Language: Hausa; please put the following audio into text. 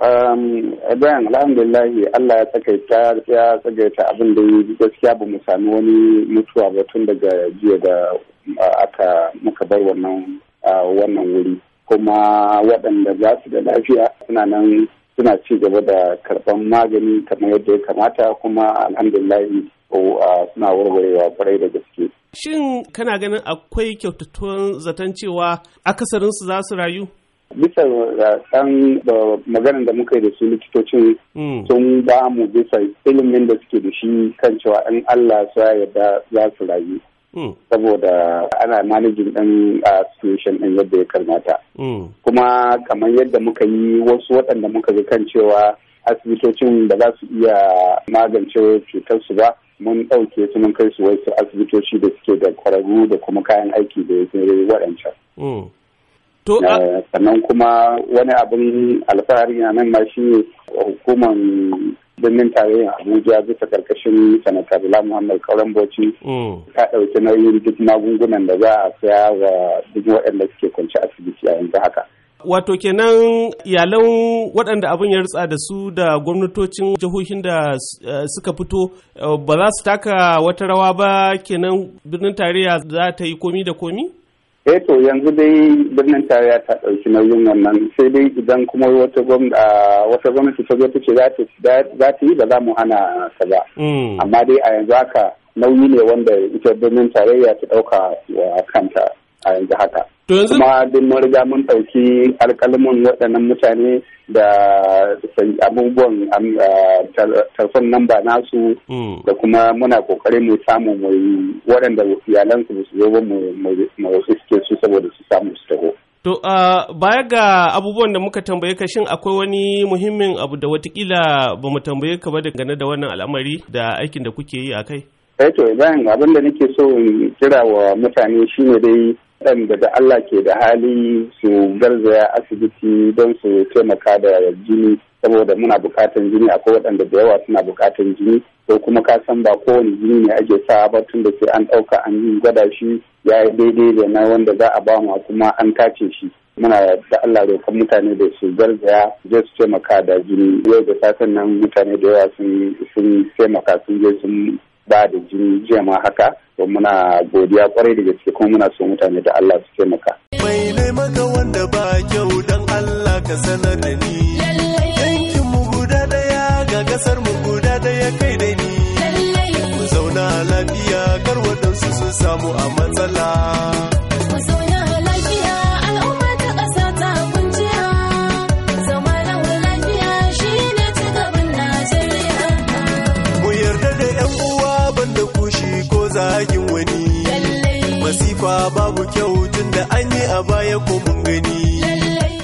bayan um, alhamdulillah Allah ya tsakaita ya tsakaita abin da gaskiya ba mu sami wani mutuwa ba tun daga jiya da uh, aka muka bar wannan uh, wannan wuri kuma waɗanda za su da lafiya suna nan suna ci gaba da karɓan magani kamar yadda ya kamata kuma alhamdulillah uh, suna warwarewa kwarai da gaske. Shin kana ganin akwai kyautattun zaton cewa akasarinsu za su rayu? bisa ɗan maganar da muka yi da su likitocin hmm. sun ba mu bisa ilimin da suke da shi kan cewa in Allah su yarda za su rayu hmm. saboda ana manajin ɗan situation ɗin yadda ya karmata hmm. kuma kamar yadda muka yi wasu waɗanda muka ga kan cewa asibitocin da za su iya magance cutarsu ba mun ɗauke su mun kai su wasu asibitoci da suke da kwararru da kuma kayan aiki da ya waɗancan Eh, sannan kuma wani abin alfahari na nan ma shi hukumar birnin tarayyar abuja bisa karkashin sanata bala muhammad kauran bauchi mm. ta ɗauki nauyin duk magungunan da za a saya wa duk waɗanda suke kwanci asibiti a yanzu haka Wato kenan iyalan waɗanda abin ya rutsa da su da gwamnatocin jihohin da eh, suka fito eh, ba za su taka wata rawa ba kenan birnin tarayya za ta yi komi da komi? eh to yanzu dai birnin tarayya ta ɗauki nauyin wannan sai dai idan kuma wata gwamnati ta zo ta za ta yi ba za mu hana ta ba mm. amma dai a yanzu haka nauyi ne wanda ita birnin tarayya ta ɗauka wa kanta a yanzu haka kuma duk mun mun ɗauki alƙalmin waɗannan mutane da abubuwan tarfon ba nasu mm. da kuma muna ƙoƙari mu samu mai waɗanda iyalansu su zo mu wasu su saboda su samu su taho. To uh, baya ga abubuwan da muka tambaye ka shin akwai wani muhimmin abu da watakila ba mu tambaye ka ba dangane da wannan al'amari da aikin da kuke yi a kai? Eh to abin da nake so in kira wa mutane shine dai waɗanda da Allah ke da hali su garzaya asibiti don su taimaka da jini saboda muna bukatan jini akwai waɗanda da yawa suna bukatan jini ko kuma ka san ba kowane jini ne ake sa ba tun da sai an ɗauka an yi gwada shi ya yi daidai da na wanda za a bamu kuma an tace shi muna da Allah roƙon mutane da su garzaya je su taimaka da jini yau da safen nan mutane da yawa sun taimaka sun je sun ba da jini jiya ma haka don muna godiya kwarai da gaske kuma muna so mutane da Allah su taimaka. Mai maka wanda ba kyau dan Allah ka sanar da ni. Yankin mu guda daya ga kasar mu guda daya kai da ni. Mu zauna lafiya kar waɗansu su samu a matsala. masifa babu kyau tunda da an yi a baya ko mun gani